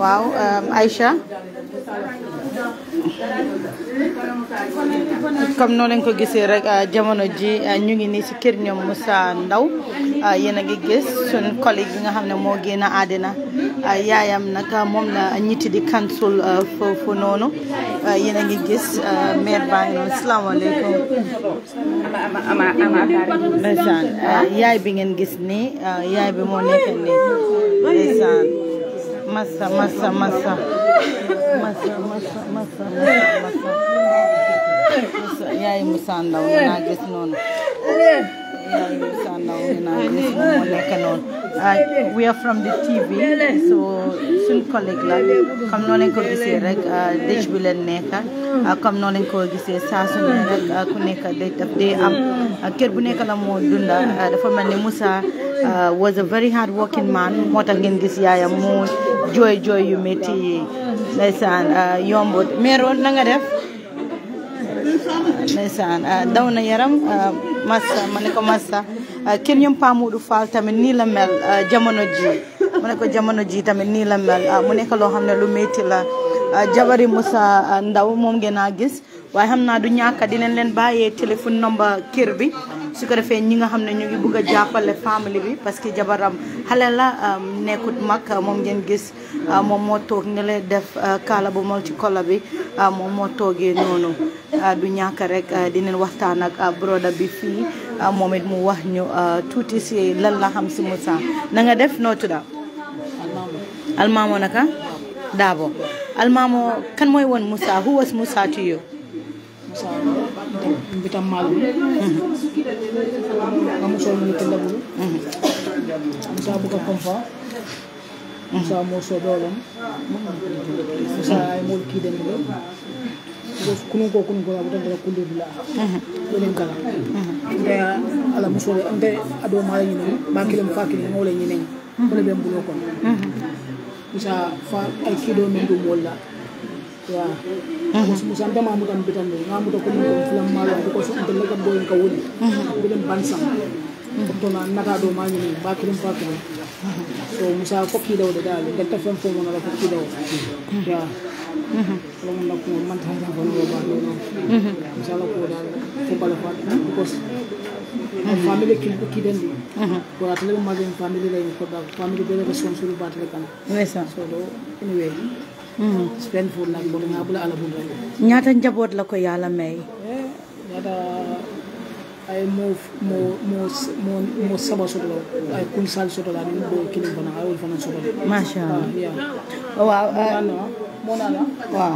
waaw ehm, Aïcha comme noo leen ko gisee rek ah, jamono ji ah, ñu ngi nii ci kër ñoom Moussa Ndaw ah, yéen a ngi gis suñu collègue bi nga xam ne moo génn àddina yaayam nag moom la ñitti di kansul foofu noonu yéen a ngi gis maire baa ngi noonu salaamaaleykum yaay bi ngeen gis ni yaay bi moo nekk nii ndeysaan massa massa massa massa massa massa massa yaay Moussa Ndaw naa gis noonu yaay Moussa we are from the TV so soon collègue la comme noo leen ko gisee rek uh, dëj bi leen nekk uh, comme noo leen ko gisee saa su ne rek uh, ku nekk dëj daf dee am um, kër bu nekk la moo dunda dafa mel Musa Moussa was a very hard working man moo tax ngeen gis yaayam mu Joy, jooy yu métti yi ndeysaan yombut meeroon na nga def ndeysaan ah, daw na yaram ah, massa ma ne ko massa ah, kenn ñoom Pa Modou Fall tamit nii la mel jamono ji mu ko jamono ji tamit nii la mel mu nekk loo xam ne lu métti la jabari Moussa Ndaw moom ngeen a gis waaye xam naa du ñàkk dinañ leen bàyyee téléphone number kër bi su ko defee ñi nga xam ne ñu ngi bëgg a jàppale famille bi parce que jabaram xale la nekkut mag moom ngeen gis moom moo toog ne def kaala bu mol ci kola bi Ah, moom moo toogee noonu ah, du ñàkk rek ah, dinañ waxtaan ak broda bi fii moom mu wax ñu tuuti si lan la xam si Musa na def noo tudda almaamo naka daabo almaamo kan mooy woon Musa who was Musa to samo dolom sa mulki den do kunu ko kunu ko abudan da kullu bila len kala da ala musole ambe ado mala ni ba kilim fa kilim le ni ne wole be mbulo ko sa fa ay kido min do wala ya mhm. musa ambe ma tan bitan ni ngamu to ko ko fulam mala ko so ambe lagam boy ka woni bilen bansam ko to na nata do ma ni ba kilim fa kilim so musa kokkiɗewde dal guel tafen fo gonora kokkiɗewo ya lomo nakkuo mantata gonowo baɗo noon musa lakkuo dal fo bala fat because famille kin ɓokkiɗenɗi mhm. wona tele ɓe maɓe famille leyni koɗɗa famille ɓe responsable batele kana so ɗo ene weeyi spen four nak boɗo ha ɓula ala ɓuɗa ñaata jaboot la ko yaala mayi eh, aye mo mo mo mo saba sotola aye kun sal sotola ni bo kilin fana aye wol fana sotola masha Allah waaw mo nana waaw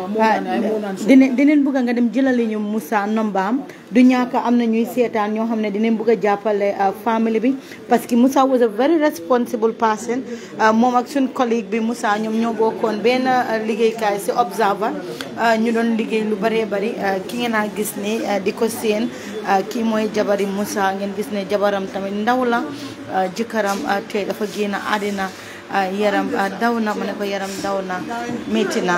Ah, ah, dinañ neen bëgg nga dem jëlali ñu Moussa Nombaam du ñàkk am na ñuy seetaan ñoo xam ne dinañ bëgg a jàppale ah, family bi parce que Moussa was a very responsible person moom ak suñ collègue bi Moussa ñoom ñoo bokkoon benn liggéeykaay si Observer ñu doon liggéey lu bëree bari ki ngeen a gis ni di ko seen kii mooy jabari Moussa ngeen gis ne jabaram tamit ndaw la jëkkëram tey dafa génn àddina yaram daw na ma yaram daw na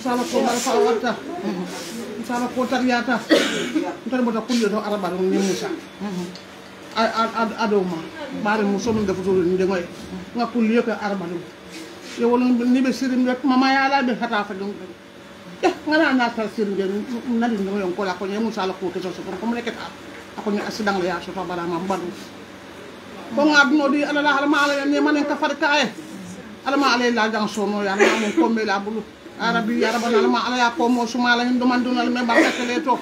sama ko mara fa watta sama ko tar yata tar mo takun yo do araba do ni musa mhm. ado ma bare muso mun dafa tolu ni de ngoy nga kul yo ko araba ya, do yo wala ni mama ya la be hata fa dum ya ngana na tar sirim de na di ngoy ko la musa laku ke so ko ko mo nekata ako ni asidang la ya so to bara ma mbadu di ala la hala ma ala ni manen ka far eh? kaaye la jang so ya na mo ko la bulu arabi na ma ala ya ko mo suma la hindu man dunal me barka tele to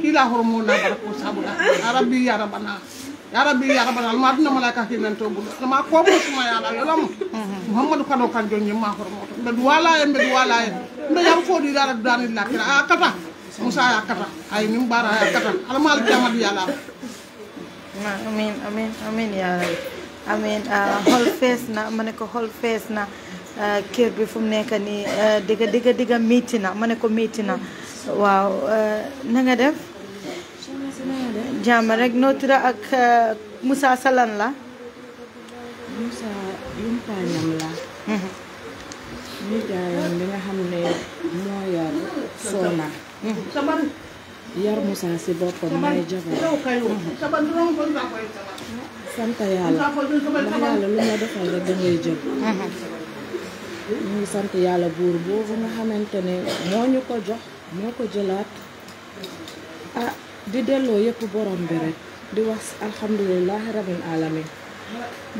ki la kila hormona barko sabula arabi yarabana yarabi yarabana ma dina malaka hinan to bulu ma ko mo suma ya la lam muhammad ko do kan jonni ma hormo be wala en be wala en be yam fo di dara dani la lakira a ah, kata musa ya kata ay nim bara ya ah, kata mal jamad ya la nah, amin amin amin ya amin uh, whole face na mane ko whole face na Euh, kër bi fu mu nekk nii digga euh, digga digga métti na ma ne ko métti na waaw euh, na nga def jàmm rek noo tudd ak musaa Salan la Moussa yumpaañam la ñu jaayam li xam ne moo yar Soona yar Moussa si boppam may jabar mhm. sant yàlla ndax yàlla lu defal rek da jël ñu ngi sant yàlla buur boobu nga xamante ne moo ñu ko jox moo ko jëlaat ah di delloo yëpp borom bi rek di wax alhamdulilahi rabbil alamin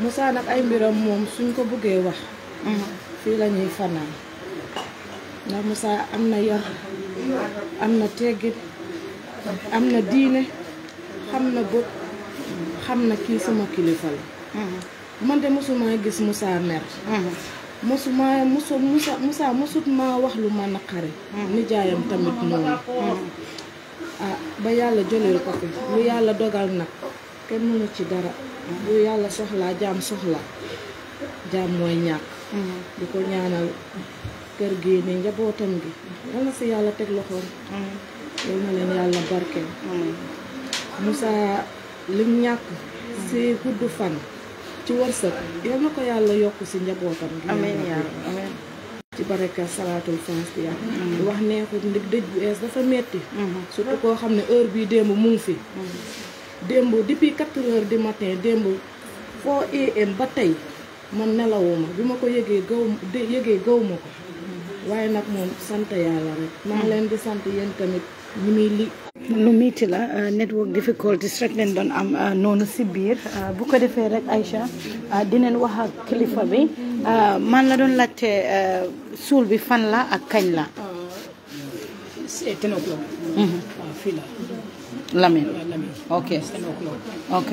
musaa nag ay mbiram moom suñ ko bëggee wax fii la ñuy fanaan ndax Moussa am na yar am na teggit am na diine xam na bët xam na kii sama kilifa la mm-hmm. man de gis Moussa mer mm-hmm. mosuma mosu Moussa Moussa mosut ma wax lu ma naqari. Mm. nijaayam tamit noonu. Mm. ah ba yàlla jëlee ko fi lu yàlla dogal nag kenn mënu ci dara. Mm. lu yàlla soxlaa jaam soxla jaam mooy ñàkk. di ko ñaanal kër gi nii njabootam gi. yàlla si yàlla teg loxoom. loolu leen yàlla barkeel. Moussa lim ñàkk. si gudd fan. ci wërsëg yal na ko yàlla yokk si njabootam amiin yaa amiin ci baraka salaatul fatiha mm-hmm. wax neexut ndig dëj bu ees dafa metti mm-hmm. surtout koo xam ne heure bi démb mu ngi fi mm-hmm. démb depuis quatre heures du matin démb foo am ba tey man nelawuma bi ma ko yëgee gaw yëgee gaw ma ko waaye nag moom sant yàlla rek maa leen di sant yéen tamit li lu métti la euh, network difficulties rek leen doon am euh, noonu si biir euh, bu ko defee rek Aïcha dinañ wax ak kilifa bi man la doon laajte suul bi fan la ak kañ la. Mhm. Ah, Lamin ok ok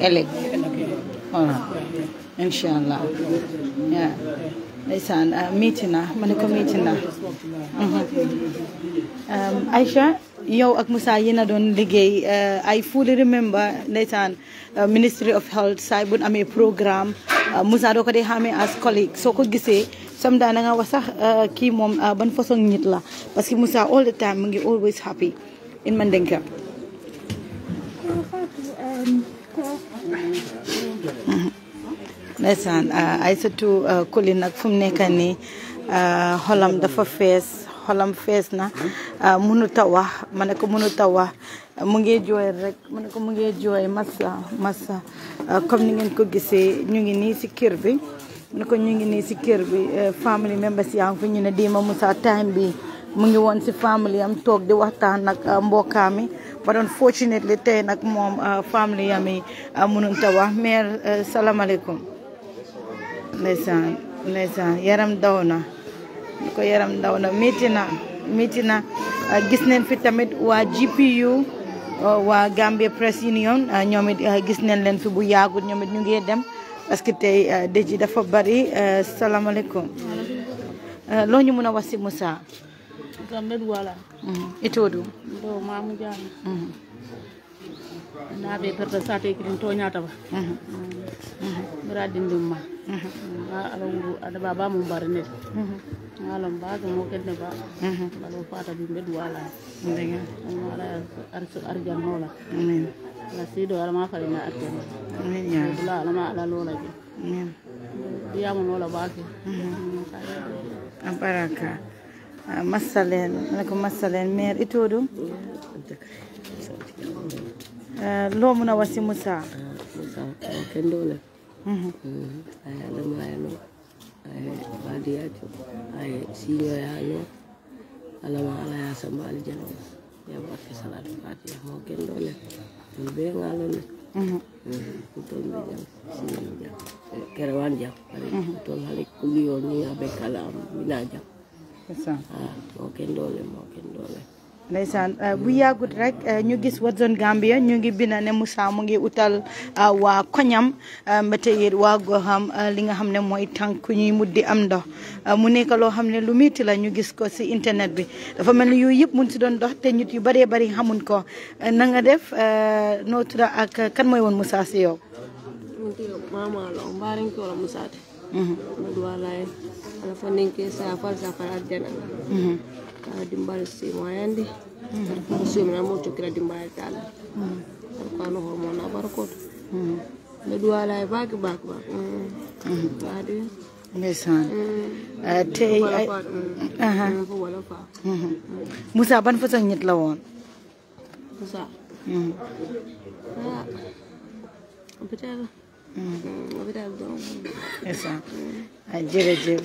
ëllëg voilà incha allah ndeysaan uh, meeting na uh, ma ne ko métti na uh. mm-hmm. um, Aïcha yow ak Moussa yéen a doon Uh, I fully remember uh, ministry of health saay bu amee program, musa doo ko dee as colleague So ko gisee sam daa na nga wax sax kii moom ban façon nit la parce all the time mu always happy in Mandenka um, Mm-hmm. ndeysaan euh, Aïssatou euh, Coly nag fu mu nekk nii euh, xolam dafa fees xolam fees na mënut a wax ma ne ko mënut a wax mu ngi jooy rek ma ne ko mu ngi jooy massa massa comme ni ngeen ko gisee ñu ngi nii si kër bi ne ko ñu ngi nii si kër bi family members yaa ngi fi ñu ne Dima Moussa time bi mu ngi woon si family am toog di waxtaan nag ak mbokkaami but unfortunately tey nag moom family am yi mënut a wax mère salaamaaleykum ndeysaan yaram daw na ñu ko yaram daw na métti na a ah, gis neen fi tamit waa GPU ah, waa Gambia Press Union ah, ñoom it gis neen leen fi bu yaagut ñoom ñu ngi dem parce que te dëj dafa bari salaamaaleykum loo ñu mën a wax si Moussa gambet wala mm-hmm. itoɗum ɗo mamu jami mm-hmm. naɓe perta sate kiɗum toñataba ma mm-hmm. alon ada baba mum barnet alon ba ga mo kedde ba balo fata bi be duwala ndenga ala ar ar jannola amin la sido ala ma fare na atten amin ya bula ala ma ala lola bi amin ya mo lola ba ke baraka masalen lakum masalen mer itodo lo muna wasi musa musa kendo le aya aya badi aja aya baadiyajo ay siñoyano alama anu. ala yasamba aljana ya barke salatu fatiha mo kendo le ton be ngalo le kutol be jam siño jam kerewan jam kutol halik kuliyo ni abe kalam mina jam mo kendo le mo kendo le ndeysaan euh, bu yàggut rek euh, ñu gis Watson Gambia ñu ngi bina ne Moussa mu ngi utal euh, waa koñam mbete it waa goxam li nga xam ne mooy tànk ñuy muddi am ndox mu nekk loo xam ne lu métti la ñu gis ko ci internet bi dafa mel ni yooyu yëpp mun si doon dox te ñut yu bëree bëri xamuñ ko na nga def noo tudda ak kan mooy woon Moussa si yow Moussa kana dimbari simwa yande ari kumusiwe mina mojokera dimbari tala ari kwano homona aparokoto neduwalai vake vake vak vadi musa ban fa sang nyet la won musa mm-hmm. ah. mm-hmm. mm beta mm beta do esa a ah, jere jere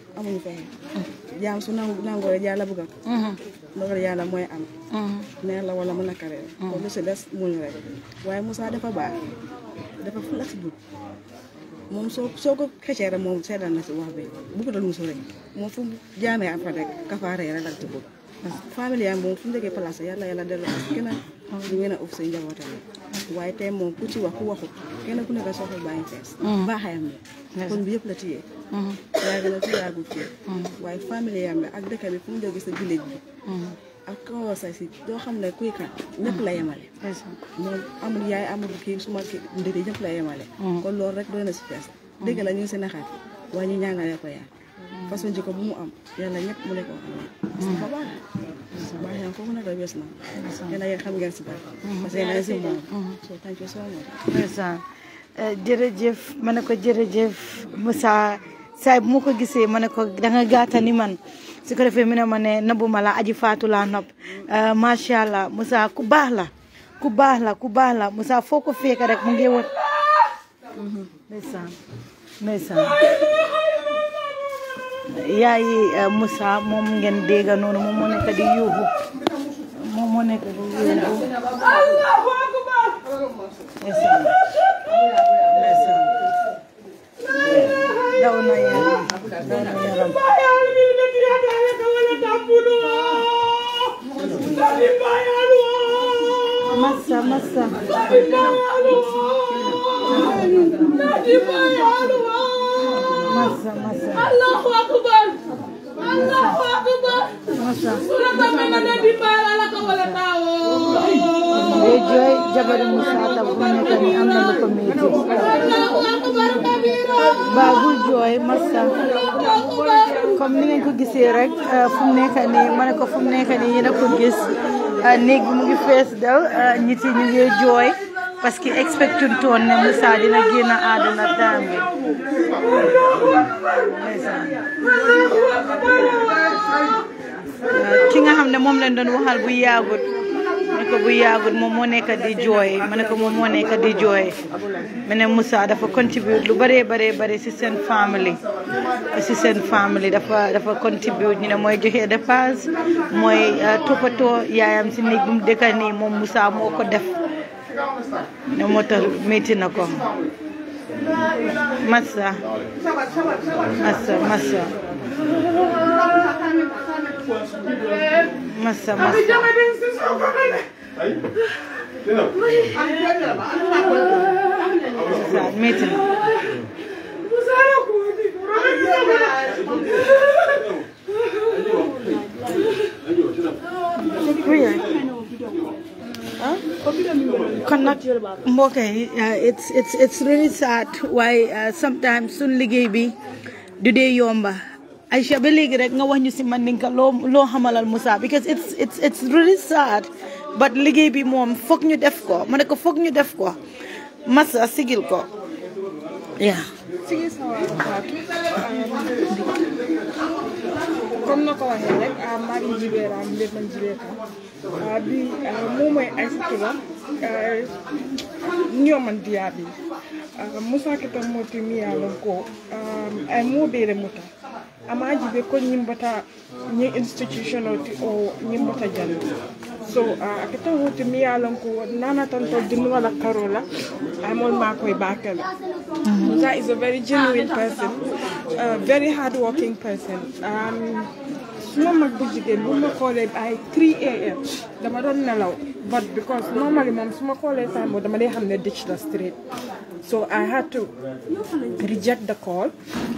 amuñ fexe jaam su nangoo rek yàlla bëgg mhm. ndogal yàlla mooy am mhm. neex la wala mu nakaree mhm. kon lu si des muñ rek waaye musaa defa baax dafa ful ak si jub moom soo soo ko xëccee rek moom seetaan na si wax bi bu ko doon musu rek moom fu jaamee am fa rek kafaaree rek lak ci bëgg parce que famille yaay moom suñu jógee place yàlla yàlla delloo ak kenn du ngeen a uf say njabootam waaye tey moom ku ci wax ku waxut kenn ku nekk soxla baa fees mm. baaxayam la kon bi yëpp la ci mm-hmm. mm. waaye famille yaam bi ak dëkk bi mm. xam ne kuy kan ñëpp la yemale amul yaay amul kii suma kii ndëri ñëpp la yemale kon loolu rek doy na si fees dëgg la ñu ngi si naxaat waaye ñu ñaanale ko yaa façon jikko bu mu am yàlla ñëpp mu nekk ko xam my mhm. mhm. hand eh, jërëjëf ma ne ko jërëjëf Moussa saa bu ma ko gisee ma ne ko da nga ni man si ko defee mu ne ma ne nabu ma la aji faatu laa nopp mm. eh, macha allah Moussa ku baax la ku baax la ku baax la Moussa foo ko fekk rek mu ngi wër mm-hmm. yaay Moussa moom ngeen dégg noonu moom moo nekk di yuuxu moom moo nekk di yuuxu daw na yaram massa massa masa masa Allahu akbar Allahu akbar masa surat amana nabi balala ka wala tao Ejoy eh, jabal musata kuna kami amna bukomiti Allahu akbar kabira bagul joy masa comme ni ngeen ko gisee rek fu mu nekk nii kani, ne aku fu mu nekk nii yéen a ko gis néeg bi mu dal nit yi ñu parce que expecté woon ne Moussa dina génn àdduna daan bi ki nga xam ne moom lañ doon waxal bu yaagut ma ne moom moo nekk di jooy ma ne ko moom moo nekk di ma ne Moussa dafa contribute lu bëree bëree bëri si seen family si seen family dafa dafa contribute ñu ne mooy joxe dépense mooy euh, toppatoo yaayam si néeg bu mu dëkka nii moom Moussa moo ko def ne moo tax métti na ko massa massa massa massa massa Sasa meta. Weird. kon it's it's it's really sad Why sometimes suñ liggéey bi du dee yomba I ba léegi rek nga wax ñu maninka low low hamalal musa because it's it's it's really sad but liggéey mom, fuck you ñu def ko you ne ko foog sigil ko yeah comme na ko waxee rek ah, maa ngi jibeeraam lépp man jibeeka bi ah, ah, moom mooy Aïssa Tuba ñooman diyaa bi Moussa Kita moti miyaa lon ko ay moo beere I'm kon yimbata ñi institution o ti o yimbata jande so a ketan huti mi yalan ko nana tan to din wala karola ay mol ma koy bakala mm-hmm. that is a very genuine person a very hard working person um suma mag bu jigéen bu ma xoolee ay 3 am dama doon nelaw but because normally moom su ma xoolee time dama dee xam ne ditch la straight so I had to reject the call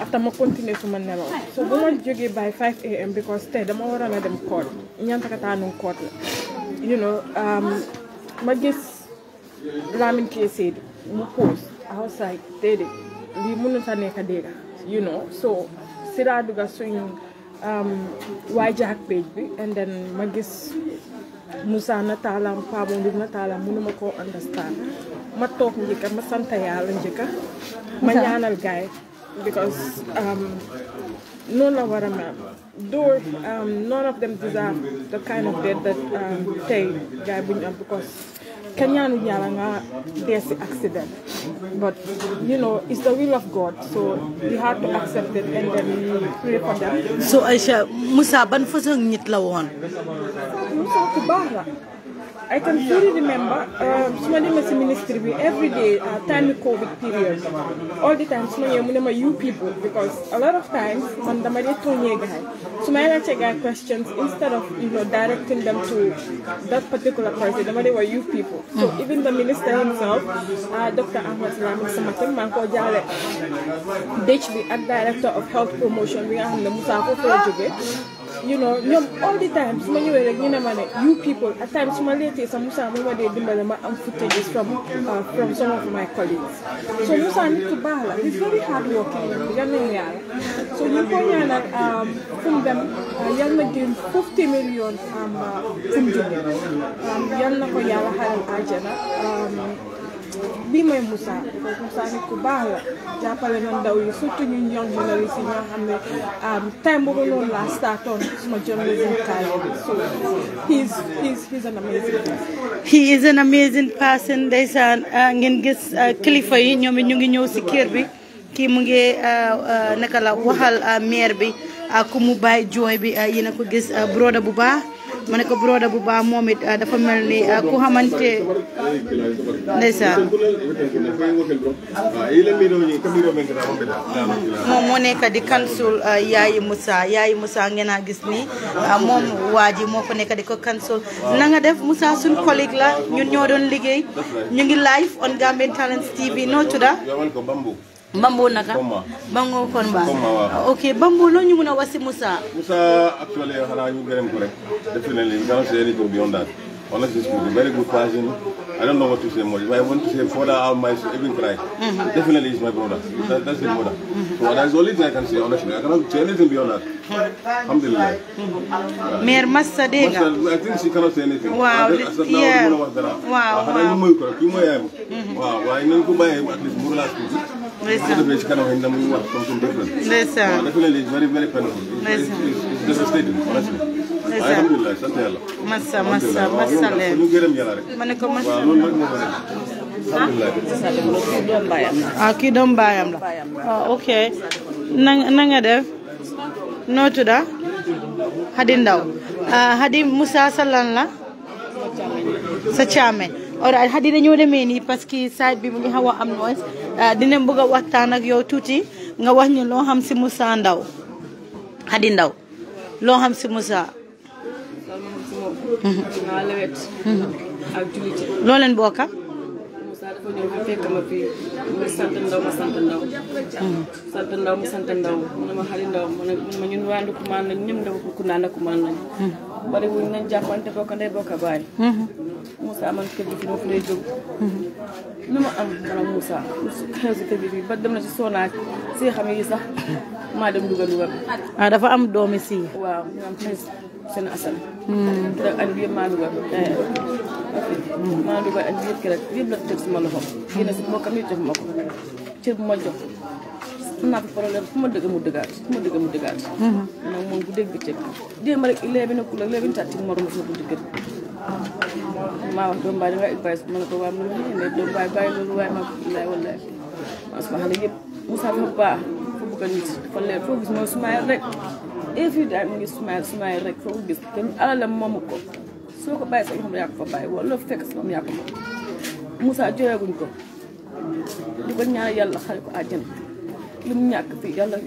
after ma continuer suma nelaw so bu ma jógee by 5 am because tey dama waroon a dem court ñantakatanum court la you know um, ma gis Lamin Kessé mu pose outside déedéet lii mënu sa nekk dégga you know so si laa dugga suñu Um, waay jaak page bi and then ma gis Moussa na taalam paa na taalam mënuma koo understand ma toog njëkka ma sant yàlla njëkka ma ñaanal gaay because um, noonu la war a um, none of them deserve the kind of death that tey gaay bu ñu am because Kenyan Yaranga, there's an accident. But, you know, it's the will of God. So we have to accept it and then pray for them. So Aisha, Musa, ban fasong nit la Musa, I can fully remember su ma demee si ministry bi every day uh, time covid period all the time su ma ñëwee mu young you people because a lot of times man dama dee tooñee gaay su may laajte gaay questions instead of you know directing them to that particular person dama dee wax you people so mm. even the minister himself uh, Dr. Ahmad Lamin Samatem maa ngi koo jaale director of health promotion we are xam most Moussa foofu you know all the time when you were like, you people at times su ma leetee sax Moussa mu ma am footages from uh, from some of my colleagues so Moussa nit ku baax he's very hard working so ñu ko ñaanal um, fu mu dem uh, yal na génn foofu téeméeri yoon fu mu jóge um, yal na bii mooy baax la um, suma journalism he is an amazing person ndeysaan uh, ngeen gis uh, kilifa yi ñoom ñu ngi ñëw si kër bi ki mu ngi uh, naka la waxal maire bi ku mu bàyyi jooy bi yéen a ko gis broda bu baax. ma ne ko broda bu baax moom it euh, dafa mel ni euh, ku xamante ndeysaan moom moo nekk di kansul euh, yaayi Moussa yaayi Moussa ngeen a gis ni moom waa ji moo ko nekk di ko kansul na nga def Moussa suñ collègue la ñun ñoo doon liggéey ñu ngi live on Gambian Talents TV noo tudda Bambo naka Bango Konba ok Bambo loo ñu mën a wax si Moussa Moussa actuellement xanaa ko rek def nañ leen garantie leen bi yoon Honestly speaking, very good person. I don't know what to say more. If I want to say father, I might even cry. Mm -hmm. Definitely he's my brother. Mm-hmm. That, that's the brother. Mm -hmm. So that's the only thing I can say, honestly. I cannot say anything beyond that. Mm-hmm. Alhamdulillah. Yeah. Mm-hmm. Mayor Massa I think she cannot say anything. Wow. I, I said, yeah. Wow. Wow. Wow. Wow. I know at least more last week. Listen. Listen. Wow, definitely, it's very, very painful. Listen. it's devastating, honestly. alhamdulilah sant yàlla. massa massa massa leen ñu gërëm yàlla rek. ma ne ko massa waaw loolu nag ah kii doom baayam ah Hadi Ndaw Hadi Moussa sa lan la Hadi dañoo demee nii parce que side bi mu ngi xaw a am noise dina bëgg a waxtaan ak yow tuuti nga wax ñu loo xam si Moussa Ndaw Hadi Ndaw loo xam si Moussa waa lewet ak jullite loo leen dafa ñëw ma fekk ma fii muy sant ndaw ma sant ndaw sant ndaw mu sant ndaw mu ne ma xali ndaw mu ne ma ñun waa Ndoukoumane lañ ñëm ndaw Kounda Ndoukoumane lañ bari wuñ nañ jàppante bokk ndey bokk baay Moussa man kër gi fi ma fi lay jóg lu ma am maanaam Moussa xew si kër dafa am doomi si sene asal da at bi yëpp maa maa dugal a ma ko cër bu ma jox am naa fi ma dëgg na kulak léebi na tàtti morom sama buntu kër maa wax doom baay da nga ma ne ko waa ma laay wallaay maa sama xale yëpp Moussa dafa a nit kon leer foo gis mooy suma rek every day mu ngi smile smile rek foo ko gis te alalam moomu ko soo ko bàyyi sa loxoom yaa ko fa bàyyi wala loo fekk sa moom yaa ko moom Moussa jooyaguñ ko di ko lu mu ñàkk fii yàlla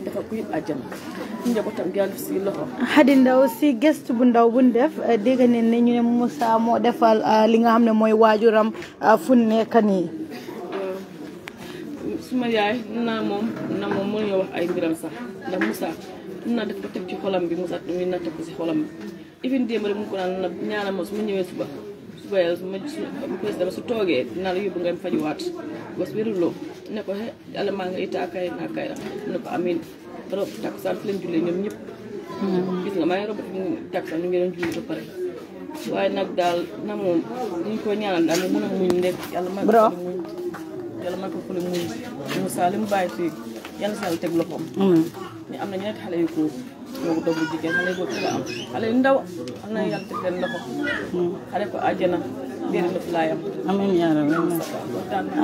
si loxo. Xadi Ndaw si gëstu bu ndaw bu ñu def dégg ne ñu ne Moussa moo defal ah, li nga xam ne mooy waajuram ah, fu nekk nii. Euh, suma yaay naa moom na moom mënuñoo wax ay mbiram sax ndax Moussa. na def ba tek ci xolam bi mu sat muy natt ko si xolam even démb rek mu ko nan na ñaanal ma su ma ñëwee suba suba yàlla su ma ko dama su toogee na la yóbbu nga faji fajuwaat was lo ne ko he yalla ma nga ita kay na kay ne ko amin rob tak sa fleen julé ñom ñep hmm. gis nga maa ngi rob sa ñu ngi leen ko ba pare waaye nag daal na moom ñu ko ñaanal dal mu na muñ nek yalla ma ko muñ ko fële muñ Moussa li mu yàlla si yàlla am na ñeneen xale yu góor ñoo doog jigéen xale yu góor ci am xale yu ndaw am na yàlla teg leen loxo. Hmm. xale ko àjjana déedéet la fi laay am. amiin yaa rabbi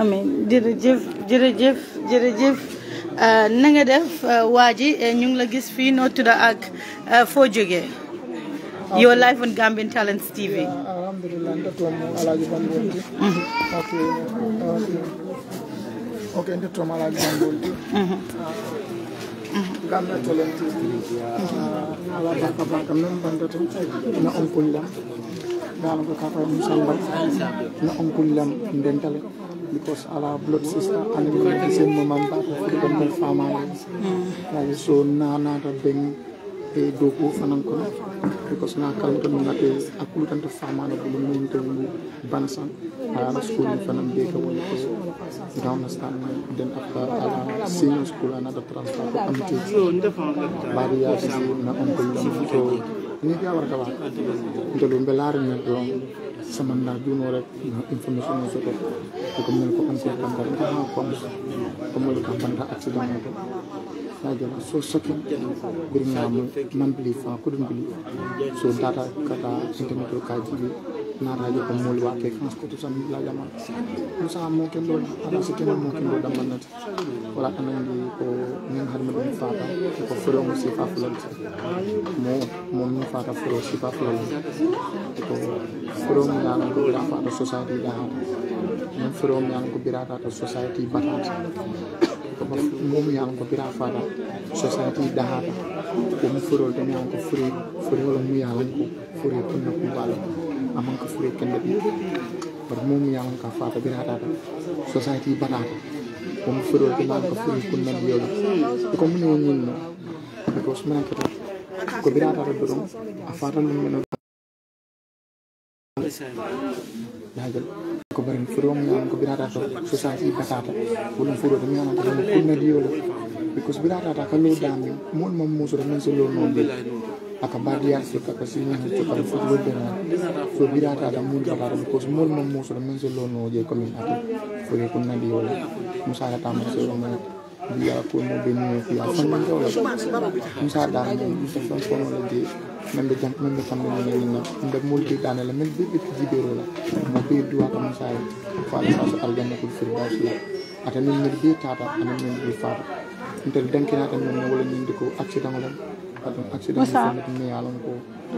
amiin jërëjëf jërëjëf jërëjëf. Euh, na def euh, waa ji euh, ñu ngi la gis fii noo tudd ak foo jógee. Ah, You're live on Gambian Talents TV. Okay and ট্রমা লাগজান বলতি gamna tolen tv ala baka baka nan banda to na kata mun na on kullam dental because ala blood sister and we same mom and papa for dental family so na dogo fanan kono ko sona kalam tan ngate akulu tan to famano ko ɗum min tan ngu bana san ala skuli fanan be ka woni ko gawna stan den afta ala senior school anada transport ko amte bari yaasi na on ko lamto ni jawar ka wa ndelo be laare men ɗon sama naa juumoo rek information mo soto ko min ko on ko kambar ko mo ko ko mo ko banda accident ko sajo so soto gurna mo man believe ko dum believe so data kata internet ko kaji na rajo ko moolu waake france ko tusan la jama musa mo ken do ala sikina mo wala ko ngam har ma fata ko furo mo si fa fulal mo mo mo fata furo si fa fulal ko furo mo na ko la society da mo furo mo na ko society batata ko mom yan ko bira fata society da ko mo furo to mo ko furo furo mo yan ko furo ko na ko among ko fuwe kende bi par mum yang ka fata bi rata society banata ko mo fuwe ko man ko fuwe ko nan yola ko mo non non ko sman ko ko bi rata do do afata mo men dajal ko bari fuwe mo yang ko bi rata society banata ko mo fuwe ko man ko fuwe ko nan yola because bi rata ka lo dami mon mom mo so do so lo non akabadi ya sika kusini hicho kama fudu tena subira hata damu ya baru kus mul mum musul men solo no je kami ati fuge kunna diola musala tamu solo men dia aku mau bini fi afan men diola musala damu musa fon fon le je men be jam men be kam men ni na nda mul bi dana le men bi bi ti biro la mo bi dua kam musala fa sa sa aljanna kul firdaus la ata men bi tata anan men bi fata ntel denkinata men wala ni ndiko accident la accident mi yalon ko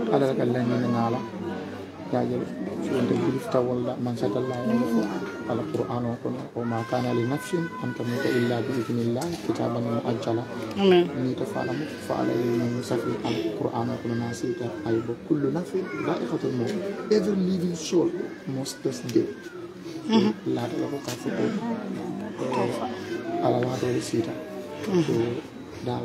ala ka lanni ngala jajal wonde gilifta walla mansatalla wonde fof ala qur'an o kono o ma kana li nafsin an tamuta illa bi idnillah kitaban muajjala ni to fala mo fala yimon musafi al qur'an o kono nasita ay bo kullu nafsin da'iqatul maut every living soul must this day laatola ko ka foto ala waatole siita so dal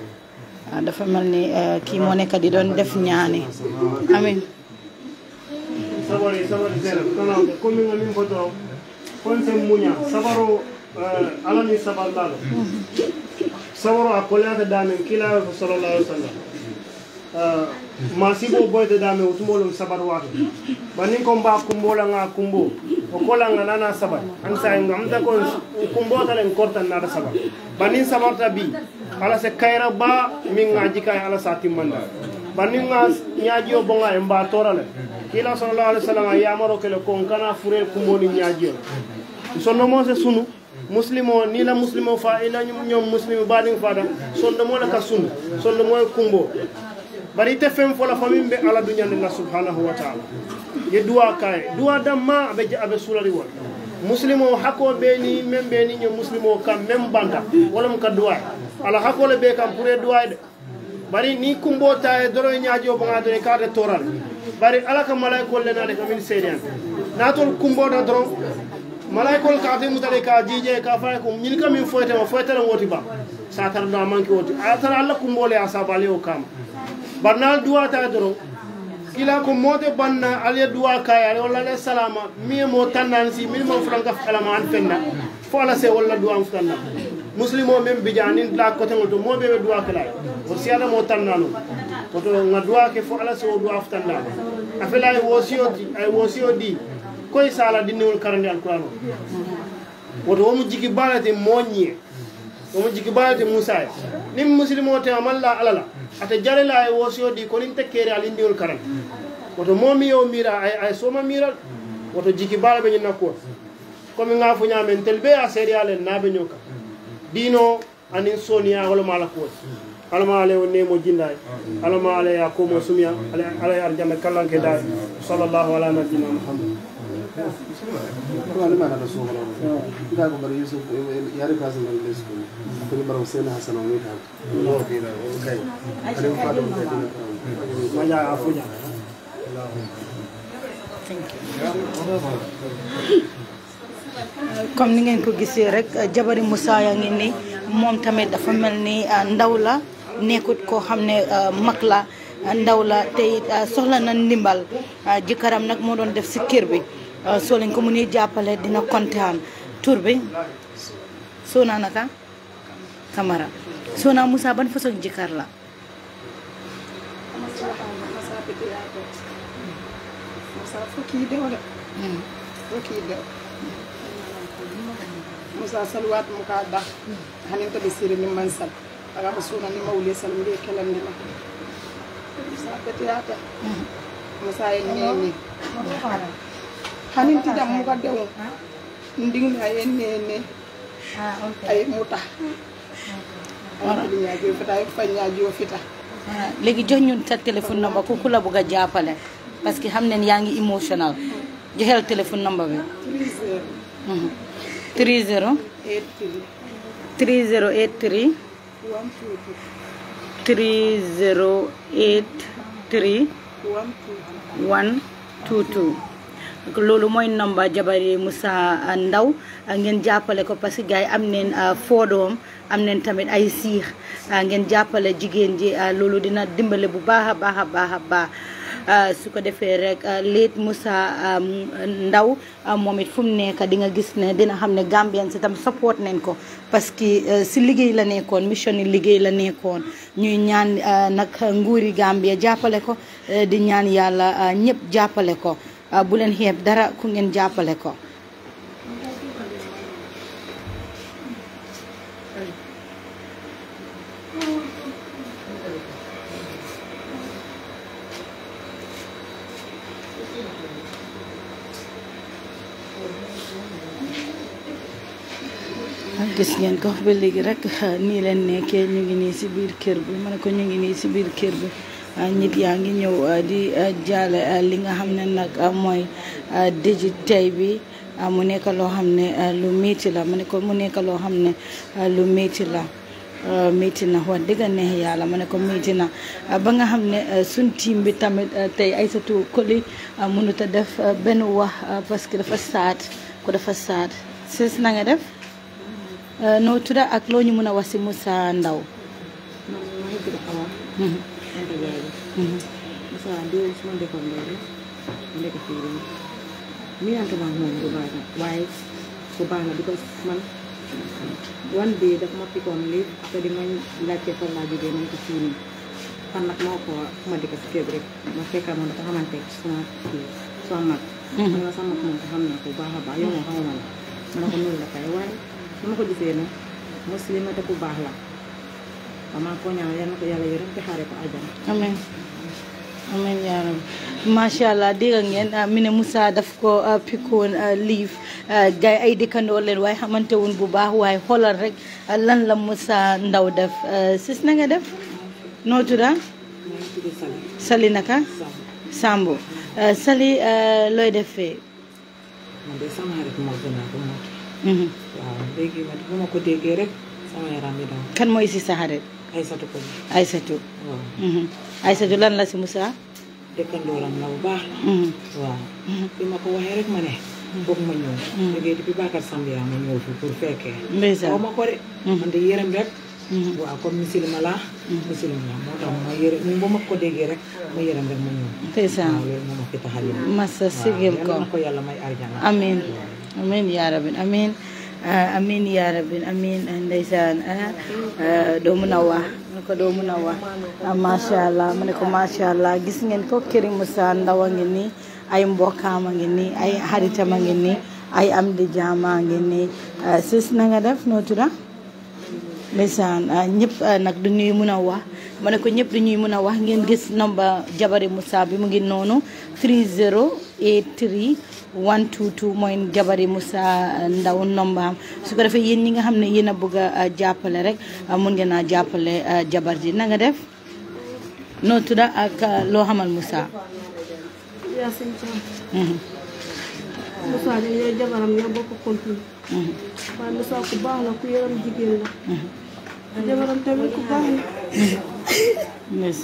Ah, dafa mel ki eh, kii moo nekk di doon def ñaani amin sabari sabari zero kana komi nga min koto konse munya sabaro ala ni saballalo sabaro akolata damen kila ko eh, sallallahu alaihi wasallam eh, masibo boyte dame utumolum sabar wato banin ko mba kumbola nga kumbo o kola nga nana sabar an sa ngam ta ko kumbo talen kortan nada sabar banin sabar ta bi ala se kayra ba min ngaji kay ala sa timmande banin nga ñaji o bonga e mba torale kila sallallahu alayhi wasallam a yamaro kele ko on kana fure e kumboni ñaji o sonnomo se sunu muslime o nila muslime o fa ila ñom muslime baɗin fada sonnomo le ka sunu sonnomo e kumbo bari ite fen fola famin ɓe ala duñandena subhanahu wa taala ye duwa kaye duwa damma aɓe aɓe sulariwon muslimo hakko ɓe ni men ɓe ni ño muslimo kam même banta wolom ka duway ala hakkole ɓe kam pour e duway de bari ni kumbo ta e doro e ñaajo ɓogato e kaate toral bari ala ka malaykol lenade kamin seedi an natol kumboɗa doron malaykol kaate mutale ka jiije ka fay ko ñin kamin foytema foytara woti ba sa tara do a manque woti a tara allah kumbole a sabale o kama bar nal duwata doron ila ko mode banna ale duwa kaya ale wala ale salama mi mo tannan si mi mo franka kalama an fenna fo ala se wala duwa an fenna muslimo men bijanin la ko tan to mo be duwa kala o si ala mo tannano to to ngaduwa ke fo ala se o duwa ftanna afela ay wosiyo di ay wosiyo di koy sala dinewol karande alquran woto wo mu jigi balate moñie omo jigi baalde moussa e nin musilime o tewa malla alala ata jarela e wosoyo ɗi konin tekkere al indiol karan woto momi yo mira ay ay sooma miral woto jigi baalaɓe ñin nakkuwo comme ngaafo ñaamen tel be a sériale en naaɓe ñoka diino anin sooniya holomaala kuwoy alama ala o nemo jinda e, e. alama ala ya e komo sumiya ala ar jamme kallanke daye sallllahu ala nabina mouhammad nimaan ala soo comme ni ngeen ko gisee rek jabari Musa yaa ngi ni moom tamit dafa mel ah, ndaw la nekkut koo xam ne ah, la ah, ndaw la te soxla na ndimbal def kër bi Ah, soo leen ko mënee jàppale dina kontaan tur bi Sona naka Camara Sona Moussa ban façon jëkkër la Musa salwat muka dah hanin tabi siri ni mansal aga suna ni mauli salmuri kelam ni ma Musa betiata Musa ini ni hanin tijam muka dewum ndingni aye nene ah, aye muta ñaajoo fita aye fa ñaajoo fita léegi jox ñun sa téléphone number ku la buga japale parce que xam nañ yaa ngi émotionnel joxeel téléphone number bi 30 3083 3083 122 loolu mooy nomba jabari Moussa Ndaw ngeen jàppale ko parce que gars am neen euh, foodoom am neen tamit ay siix euh, ngeen jàppale jigéen ji euh, loolu dina dimbale bu baax a baax a baax a baax su ko defee rek leet musa Ndaw moom it fu mu nekk di nga gis ne dina xam ne Gambien si tam support nañ ko parce que si liggéey la nekkoon mission yi liggéey la nekkoon ñuy ñaan nag nguuri Gambia jàppale ko di ñaan yàlla ñëpp jàppale ko Ah, bu leen xeeb dara ku ngeen jàppale ko ah, gis ngeen ko ba léegi rek ah, nii leen nekkee ñu ngi nii ci biir kër bi ma ko ñu ngi nii ci biir kër bi nit yaa ngi ñëw ah, di ah, jaale ah, li nga xam ne nag mooy dëj tey bi mu nekk loo xam ne lu métti la mu nekk mu nekk loo xam ne lu métti la métti na wax dëgg neex yàlla ma ne ko métti na ba nga xam ne suñ tiim bi tamit tey Aysatu Koli mënut a def benn wax parce dafa saad ko dafa saad sis na nga def noo tudda ak loo ñu mën a wax si Musa Ndaw Mesela diyelim ki Monday konuları, Monday kafiri. Me and my mom go back, wife go back because man one day di ma laajte fan laa jógee man ko fii nii fan nag moo ko ma dëkk si kéeb rek ma fekkal moom sama Kamu sama mag man la sama mau moom ko xam naa ko bu baax muslim ada ku baax waaw macha allah dégg ngeen mi ne daf ko pikkoon liif gars ay dëkkandoo leen waaye xamante wuñ bu baax waaye xoolal rek ah, lan la Moussa Ndaw def ah, sis na nga def. noo tudda Sali naka. Sambo ah, Sali looy def fee. kan mooy si sa Aysatu ko Aysatu Aysatu lan la si Moussa. dëkkandooram la bu baax la. Mhm. waaw mhm. bi ma ko waxee rek ma ne. Mhm. foog ma ñëw. liggéey depuis Bakar Sambiya ma ñëw fi pour fekkee. ndeysaan ma ko de. man de yërëm rek. waaw comme musulma la. musulma la moo tax ma yërëm bu ma ko déggee rek ma yërëm rek ma ñëw. ndeysaan waaw loolu moo ma fi tax a yëngu. masa sigil ko waaw yal na ko yàlla may arjana. amiin amiin yaa rabbi amiin. Ah, amin yaa rabbi amin ah, ndeysaan ah, doo mun a wax mu ne ko doo mun a wax allah mu ne ko macha allah gis ngeen ko Keri Moussa Ndaw a ngi ni ay mbokkaam a ngi ni ay xaritam ma ngi ni ay am di jaama a ngi nii sis na def noo tudda ndeysaan ñëpp nag du ñuy mun a wax ma ne ko ñëpp du ñuy mun a wax ngeen gis nomba jabari Moussa bi mu ngi noonu 3083 122 mooy jabari Moussa Ndaw nombaam su ko defee yéen ñi nga xam ne yéen a bëgg a jàppale rek mun ngeen a jàppale jabar ji na def noo tudda ak loo xamal Moussa. Mm-hmm. Moussa ñoom ñooy jabaram ñoo mm-hmm. ku yaram jigéen la. Mm-hmm. jabaram tamit ku baax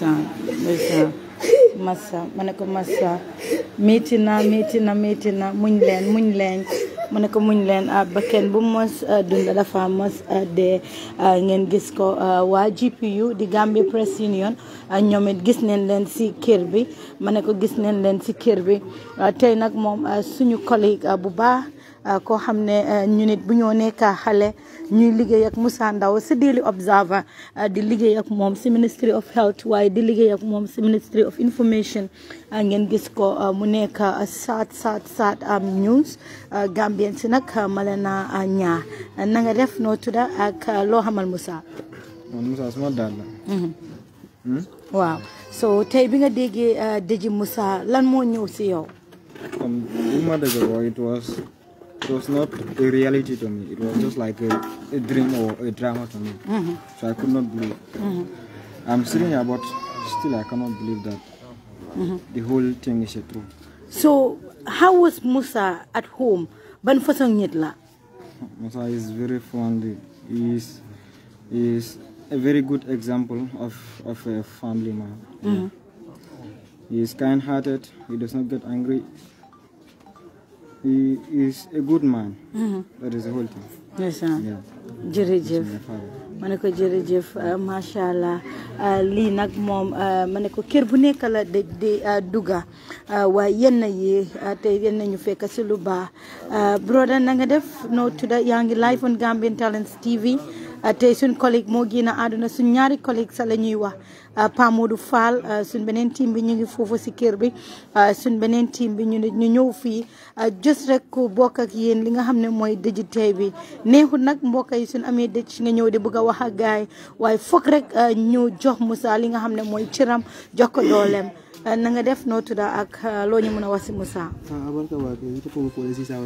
la. massa ma ne ko massa métti na métti na métti muñ leen muñ leen ma ne ko muñ leen ah, bakken bu mës ah, dunda dafa mës ah, de ngeen gis ko waa GPU di Gambia Press Union ñoom it gis neen leen si kër bi ko gis neen leen ci kër bi tey nag moom suñu collègue bu baax Euh, koo xam ne euh, ñu nit bu ñoo nekk xale ñuy liggéey ak ndaw Ndao si Daily Observer euh, di liggéey ak moom si Ministry of Health waaye di liggéey ak moom si Ministry of Information ngeen gis ko mu nekk sat saat sat am news Gambien si nag male leen a ñaar na def noo tudda ak loo xamal Moussa. Moussa suma mhm. hmm? so tey bi nga déggee Deji musa lan moo ñëw si yow. it was not a reality to me. It was just like a, a dream or a drama to me. Mm -hmm. So I could not believe. Mm -hmm. I'm sitting here, but still I cannot believe that mm -hmm. the whole thing is true. So how was Musa at home? Ban fasong la? Musa is very fond. He is, he is a very good example of, of a family man. Mm-hmm. He is kind-hearted. He does not get angry he is a good man. Mm -hmm. That is the whole thing. Yes, sir. Yeah. Jerejef. ma ne ko jërëjëf uh, macha allah uh, lii nag moom uh, ma ne ko kër bu nekk la de di dugga waaye yenn yi tey yenn ñu fekk si lu baax broda na nga def noo tudda yaa live on Gambian Talents TV Euh, tey suñ collègue moo génn àdduna suñ ñaari collègue sa la ñuy wax euh, Pa du faal euh, suñ beneen tiim bi ñu ngi foofu si kër bi suñ beneen team bi ñu ñu ñëw fii just rek ku bokk ak yéen li nga xam ne mooy dëj tey bi neexul nag mbokk yi suñ amee dëj nga ñëw de bëgg a wax ak gaay waaye foog rek ñu jox Moussa li nga xam ne mooy ciram jox ko dooleem na nga def noo tudda ak loo ñu mën a wax si Moussa. ah abarka waa kii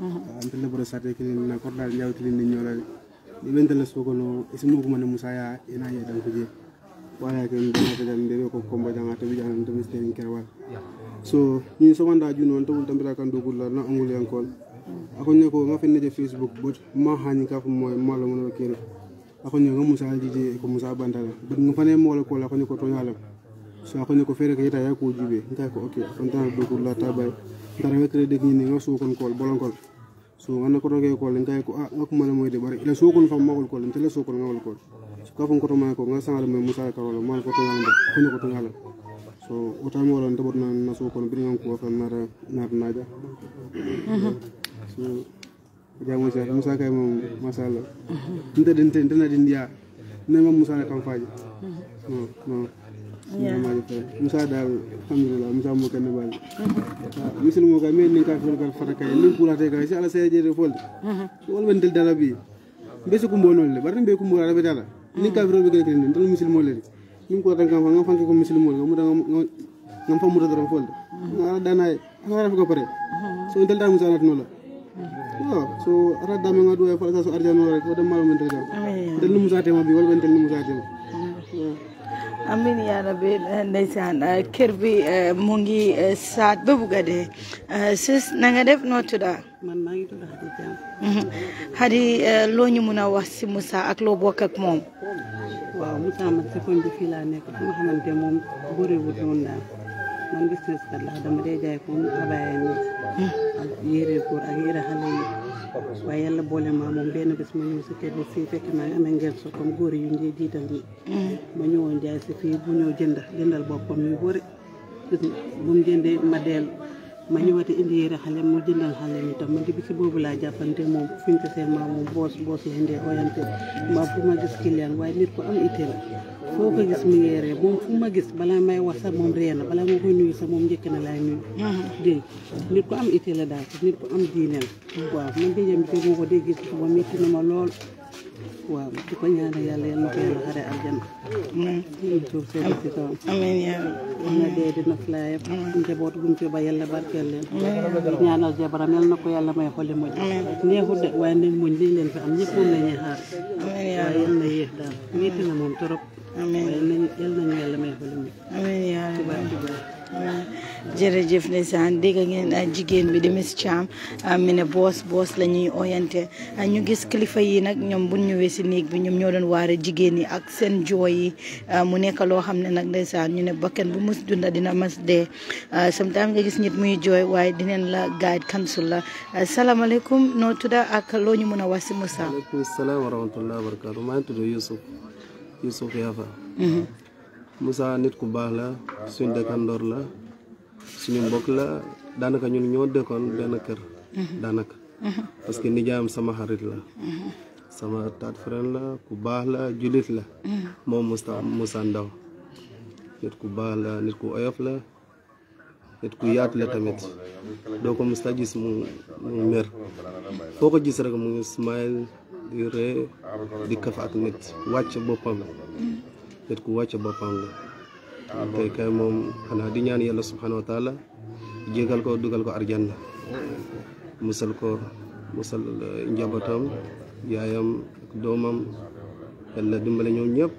antele bora sate kilin na korda jaw tili ni nyola ni bentele soko no isimu kuma ne musaya ina ya dan kuje wala kan dana ta dan dere ko komba dan ata bi janan to misterin kerwa ya. so ni so wanda juno on to tambira kan dogul la na angul yankol akon ne ko nga fenne je facebook bot ma hani ka fu moy mala mo no kire akon ne nga musa jije ko musa bandala bat nga mo ko to so akon ne ko fere ka yita ya ko jibe nta ko okay akon tan dogul la tabay ndara wekre de ni nga kon kol bolon kol so ana ko roge ko len kay ko ah ngako mala moy de bare ila so kon fam ma ko len tele so kon ngawol ko ka fon ko to ma ko nga mhm. sangal me musa ka ya wala mal ko to ngala ko ko to ngala so otam wala ndabot na na so kon bi ngam ko fam na na na ja so jamu sa musa kay mom masala nda den ten dana din ya ne mom musa kan faaji no no Iya. musa dal alhamdulillah musa mo kan bal misil mo ga men ka fol gal faraka ni kula si ala sey je fol wol ben del dala bi be su kumbo non le barne be kumbo ala be dala ni ka misil mo le ni ko tan kan misil mo ngam ngam ngam fa mo do fol ala dana ala ko pare so del dal musa nat no la so ara dame nga duwe fa so arjano rek o dem malo men del musa te ma bi wol ben musa te amin yaa rabbi ndeysaan kër bi mu ngi saat ba bugg a dee na nga def noo tudda man Hadi mhm. eh, loo ñu mun a wax si Moussa ak loo bokk moom waaw Moussa man si መንግስት ለአዳመደጃ ይኩን አባያኒ የሪ ኩር አገረ ሀለይ ዋየለ ቦለ ማሞን ቤነ ብስመኝ ስከድ ሲፈክ መንገል ሶኮም ጎሪ እንጂ ዲደን መኝ ወንጃ ሲፊ ቡኞ ጀንዳ ጀንዳል ቦኮም ይጎሪ bum jëndee ma dellu ma ñëwati indi yére xale mu jëndal xale mi tam man di bisi boobu laa jàppante moom fi ñu ko seen maa boos boos la indee bu ma gis waaye nit ku am la. foo ko gis mu ngi ree moom fu ma gis balaa may wax sax moom ree na balaa ma koy nuyu sax moom njëkk na laay nuyu dégg nit ku am ittee la daal nit ku am diine la waaw man na ma lool di ko ñaanal yàlla yal na ko yàlla xare aljana suuf sedd si njaboot gum ci ba yàlla barkeel leen ñaanal jabaram yal na ko yàlla may xoli muñ neexut de waaye nañ muñ liñ leen fi am ñëpp moom la waaye yal na yéex daal métti na moom trop Amin yàlla nañu amin may xolu njub amiin yaa rabbi jërëjëf ndeysaan dégg ngeen jigéen bi di Miss Cham mi ne boos boos la ñuy oyante ñu gis kilifa yi nag ñoom bu ñëwee si néeg bi ñoom ñoo doon waare jigéen yi ak seen jooy yi mu nekk loo xam ne nag ndeysaan ñu ne bakkan bu mus dunda dina mas dee sometimes nga gis nit muy jooy waaye dineen la guide council la salaamaaleykum noo tudda ak loo ñu mën a wax si Musa. waaleykum salaam wa rahmatulah wa barakaatu maa ngi tudd Youssouf Youssouf Yafa mhm. Moussa nit ku baax la suñ dëkkandoor la suñu mbokk la daanaka ñun ñoo dëkkoon benn kër mhm. daanaka mhm. parce que nijaayam sama xarit la sama taat frère la ku baax la jullit la moom Moussa Ndaw nit ku baax la nit ku oyof la nit ku yaatu la tamit doo ko musta gis mu mer foo ko gis rek mu smile di ree di kaf nit wàcc boppam nit ku wàcc boppam la tey kay moom xanaa di ñaan yàlla subhanahu wa taala jégal ko dugal ko arjanna musal ko musal eh, njabootam yaayam ak doomam yàlla dimbale ñoom ñëpp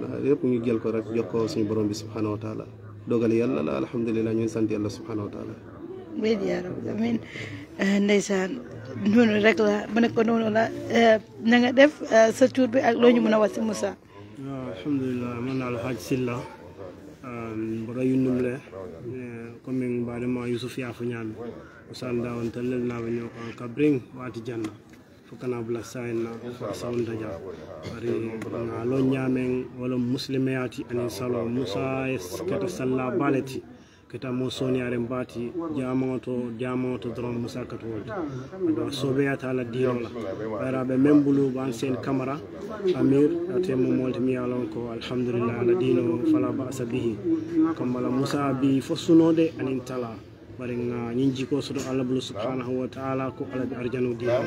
waaw lépp ñu jël ko rek jox ko suñu borom bi subhanahu wa taala dogal yàlla la alhamdulilah ñuy sant yàlla subhanahu wa taala. amiin yaa noonu rek la mu ne ko noonu la euh, na def euh, sa tur bi ak loo ñu mën a wax si Moussa. waaw alhamdulilah man daal Hadj Silla mborayu euh, Ndumle commune Mbadema Youssouf Yaafu Ñaami usan dawon tellel naɓe ñoo ko kabring waati janna fokana bula sayna sawnta dia ari ngalo ñamen wala muslimeyati anin salo moussa kata salla baleti kita mo soniyaren baati jamoto jamoto dron musakato wodi donc sobeyata ala dino la ɓayraɓe men bulu ban sen camara amir ate momolti mi yalon ko alhamdulillah ala dino fala basa bihi kambala Musa, bi fo sunode anin tala bari nga ñin jiko soto allah subhanahu wa taala ko ala ɓe arjano dino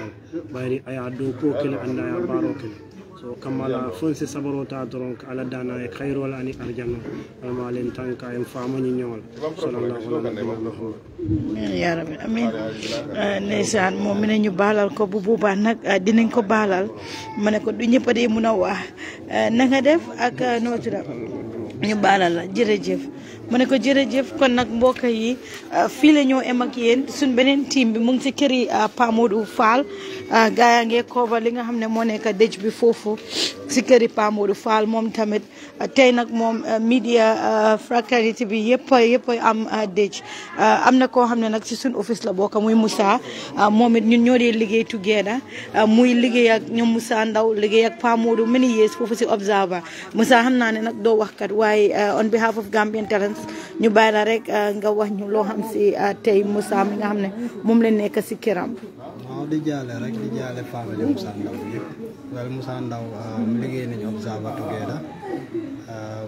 bayri aya dow ko kele anda ya baro kele so kammala fonsi sabarota doron ala dana e kayrol ani arjana alma len tan ka en famani ñool sallallahu alaihi wa ya rabbi amin ah, ndeysaan moom mi ne ñu balal ko bu boobaa nag ah, dinañ ko baalal ma ne ko du ñëpp a dee mun a wax ah, na nga def ak noo ñu baalal la jërëjëf mu ne ko jërëjëf kon nag mbokk yi euh, fii la ñoo em ak yéen suñ beneen tiim bi mu ngi ci këri euh, Pa Modou Fall euh, gaa yaa ngi koobal li nga xam ne moo nekk dëj bi foofu si këri Pa Modou Fall moom tamit tey nag moom uh, media uh, fraternité bi yëpp yëpp am uh, déj am na koo xam ne nag si suñ office la bokk muy Moussa moom it ñun ñoo dee liggéey together muy liggéey ak ñoom Moussa Ndaw liggéey ak Pa Modou many years foofu si Observer Moussa xam naa ne nag doo waxkat waaye on behalf of Gambian Talents ñu bàyyi la rek nga wax ñu loo xam si tey Moussa mi nga xam ne moom la nekk si këram waaw oh, di jaale rek di jaale famille Moussa Ndaw yëpp loolu Moussa Ndaw eh, liggéey nañu Together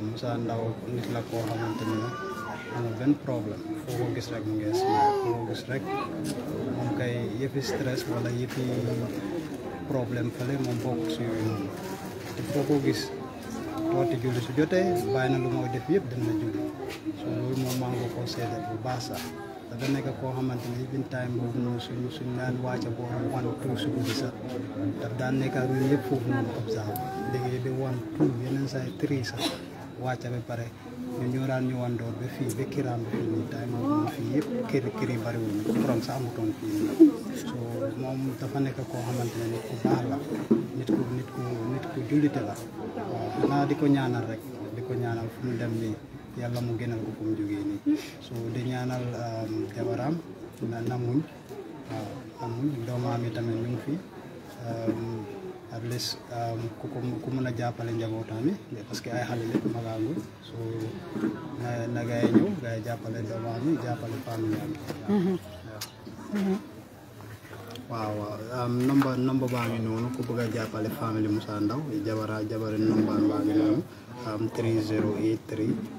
Moussa Ndaw nit la koo xamante ni amul benn problème foo ko gis stress wala yëfi iya problème fële moom bokkul si yooyu noonu te foo ko gis waxtu julli su jotee bàyyi lu def dina julli so ko bu baax sax da nekk koo xamante ne bin time boobu noonu suñ suñ daan wàcca boo wan tout suba bi sax daf daan nekk ak ñun yëpp foofu noonu observe liggéey bi wan tout sax wàcca ba pare ñun ñoo daan ñu wandoor fii yëpp kër kër yi bariwuñ borom sax amutoon fii so moom dafa nekk koo xamante ne nit ku baax la nit ku nit ku jullite la waaw xanaa di ko ñaanal rek di ko ñaanal fu mu dem nii yàlla mu gënal ko fu mu jógee so di ñaanal um, jabaram na namuñ waaw tamit ñu fi um, at least um, ko ku mën jàppale njabootam yi parce que ay xale lépp magaangu so na na ñëw gaa jàppale doomaam jàppale famille mm-hmm. Mm-hmm. waaw waaw nomba nomba baa ngi noonu ku bëgg jàppale famille Musa Ndaw jabara jabari nomba baa ngi noonu 3083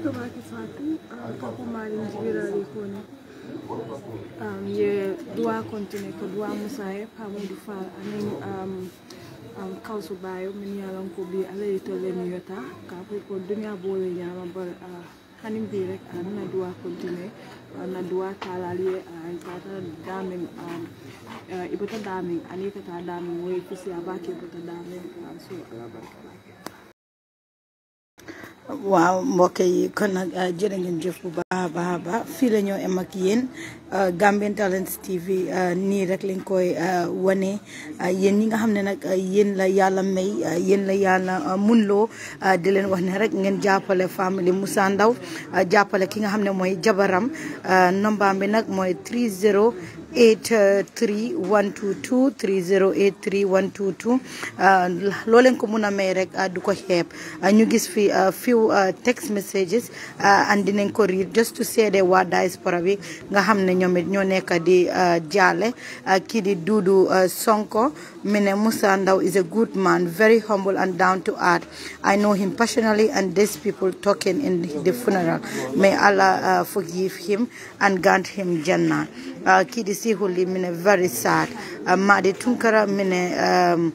Tubakifati kakumalindi birarikoni ye dua kontine ko dua mousaye pamu dufa anin um, um, kawsu bayo min yalan ko bi alayi tolle mi yota ka ko dunya bole nyama bar uh, hanim bi rek anna uh, dua kontine na dua talalye an tata damin um, uh, ibata damin anita ta damin wai kusi abake ibata damen uh, so alabarka waaw mbokk yi kon nag ah, jërë ngeen jëf bu baax a baax a fii la ñoo em ak yéen ah, Gambian Talents TV ah, nii rek lañ koy wane yéen ñi nga xam ne nag yéen la yàlla may yéen la yàlla munloo di leen wax ne rek ngeen jàppale famille Musa Ndaw jàppale ki nga xam ne mooy jabaram nombaam bi nag mooy 30 83 122 3083 122 loo leen ko mun a may rek uh, du ko xeeb uh, ñu gis fi uh, few text messages and dinañ ko read just to seede waa diaspora bi nga xam ne ñoom it ñoo nekk di jaale kii di Dudu Sonko Mine Musandau is a good man, very humble and down to earth. I know him personally and these people talking in the funeral. May Allah uh, forgive him and grant him Jannah. Uh, Kidisi Huli Mine very sad. Uh, Madi Tunkara Mine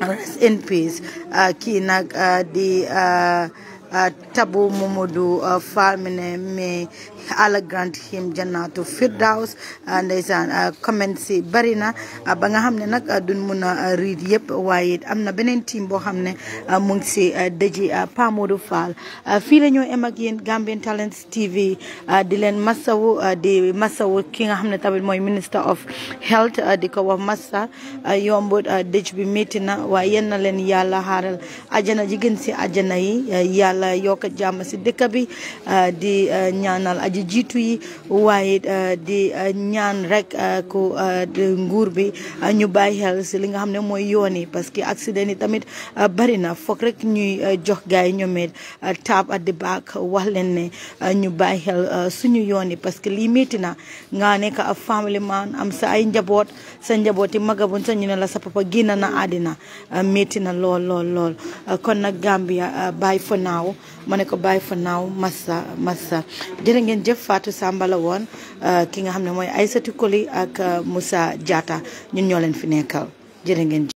um, in peace. Uh, Kinag uh, the uh, uh, Tabu Mumudu uh, me allah grant him jannatu firdaws ah, ndeysaan ah, comment si bari na ah, ba nga xam ne nag duñ mun a read yëpp waaye am na beneen team boo xam ne mu ngi si dëji Pa Modou Fall fii la ñoo em ak yéen Gambian Talents TV di leen masawu di masawu ki nga xam ne tamit mooy minister of health di ko wax massa yombut dëj bi métti na waaye yéen na leen yàlla xaaral ajana ji si ajana yi yàlla yokk jàmm si dëkk bi di ñaanal aji jiitu yi waaye uh, di uh, ñaan rek uh, ku nguur bi ñu bàyyi xel si li nga xam ne mooy yoon yi parce que accident yi tamit bari na foog rek ñuy jox gars yi ñoom it taab at the back wax leen ne ñu bàyyi xel suñu yoon yi parce que lii métti na nga nekk ab family man am sa ay njaboot sa njaboot njabooti magabun sa ñu ne la sa papa génn na àddina métti na lool lool lool kon nag Gambia bye for now ma ne ko bàyyi fa naaw massa massa jërë ngeen jëf faatu Samba la woon euh, ki nga xam ne mooy Aïssatou Koli ak euh, Moussa jaata ñun ñoo leen fi nekkal jërë ngeen jëf